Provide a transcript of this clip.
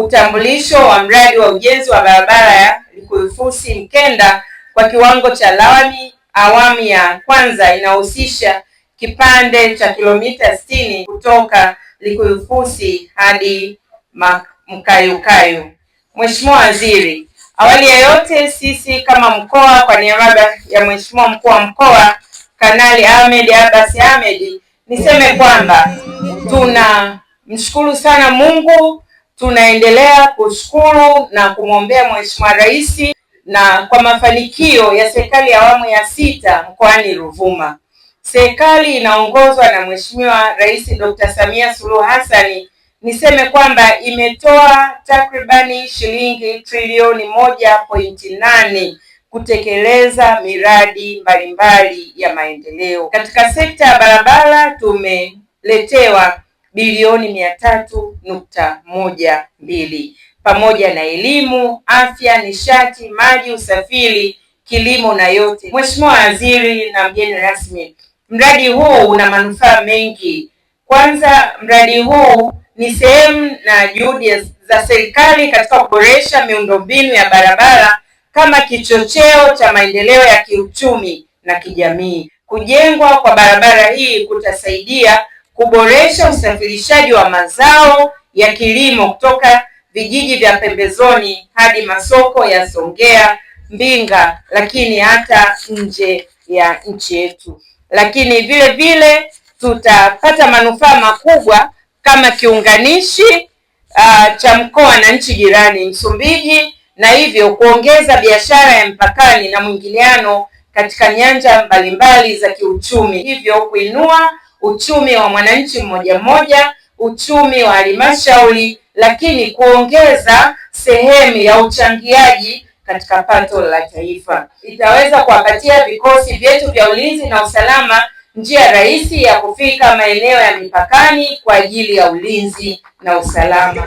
utambulisho wa mradi wa ujenzi wa barabara ya Likuyufusi Mkenda kwa kiwango cha lami awamu ya kwanza inahusisha kipande cha kilomita sitini kutoka Likuyufusi hadi Mkayukayu. Mheshimiwa Waziri, awali ya yote sisi kama mkoa kwa niaba ya Mheshimiwa Mkuu wa Mkoa Kanali Ahmed Abbas Ahmed niseme kwamba tunamshukuru sana Mungu tunaendelea kushukuru na kumwombea Mheshimiwa Rais na kwa mafanikio ya serikali ya awamu ya sita mkoani Ruvuma. Serikali inaongozwa na Mheshimiwa Rais Dr. Samia Suluhu Hassan, niseme kwamba imetoa takribani shilingi trilioni moja pointi nane kutekeleza miradi mbalimbali ya maendeleo. Katika sekta ya barabara tumeletewa bilioni mia tatu nukta moja mbili pamoja na elimu, afya, nishati, maji, usafiri, kilimo na yote. Mheshimiwa Waziri na mgeni rasmi, mradi huu una manufaa mengi. Kwanza, mradi huu ni sehemu na juhudi za serikali katika kuboresha miundombinu ya barabara kama kichocheo cha maendeleo ya kiuchumi na kijamii. Kujengwa kwa barabara hii kutasaidia kuboresha usafirishaji wa mazao ya kilimo kutoka vijiji vya pembezoni hadi masoko ya Songea, Mbinga, lakini hata nje ya nchi yetu. Lakini vile vile tutapata manufaa makubwa kama kiunganishi uh, cha mkoa na nchi jirani Msumbiji, na hivyo kuongeza biashara ya mpakani na mwingiliano katika nyanja mbalimbali za kiuchumi, hivyo kuinua uchumi wa mwananchi mmoja mmoja, uchumi wa halmashauri, lakini kuongeza sehemu ya uchangiaji katika pato la taifa. Itaweza kuwapatia vikosi vyetu vya ulinzi na usalama njia rahisi ya kufika maeneo ya mipakani kwa ajili ya ulinzi na usalama.